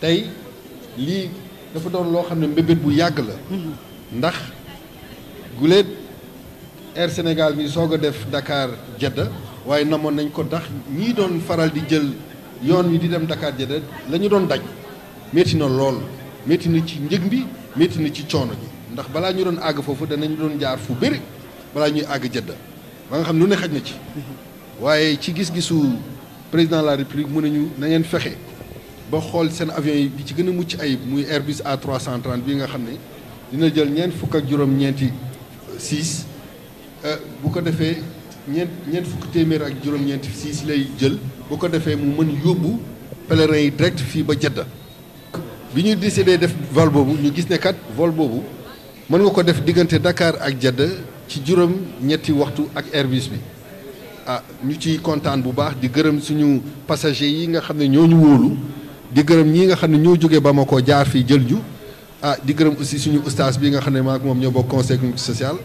tey lii dafa doon loo xam ne mbébét bu yàgg la ndax guléet Air Sénégal bi soog a def Dakar Jeddah waaye namoon nañ ko ndax ñii doon faral di jël yoon wi di dem Dakar Jeddah la doon daj métti na lool métti na ci njëg bi métti na ci coono bi ndax balaa ñu doon àgg foofu danañ doon jaar fu bëri balaa ñuy àgg Jeddah ba nga xam lu ne xaj na ci mhm. waaye ci gis-gisu président la république mu ne ñu na ngeen fexe ba xool seen avion yi bi ci gën a mucc ayib muy Airbus A330 bi nga xam ne dina jël ñeent fukk ak juróom-ñeenti siis euh, bu ko defee ñeent ñeent fukk téeméer ak juróom-ñeenti siis lay jël bu ko defee mu mën yóbbu pèlerins yi direct fii ba Jedda bi ñu décidé def vol boobu ñu gis ne kat vol boobu mën nga ko def diggante ndakaar ak Jedda ci juróom-ñetti waxtu ak Airbus bi ah ñu ciy kontaan bu baax di gërëm suñu passagers yi nga xam ne ñoo ñu wóolu. di gërëm ñii nga xam ne ñoo jógee Bamako jaar fii jël ju ah di gërëm aussi suñu ustaas bi nga xam ne maak moom ñoo bokk conseil économique social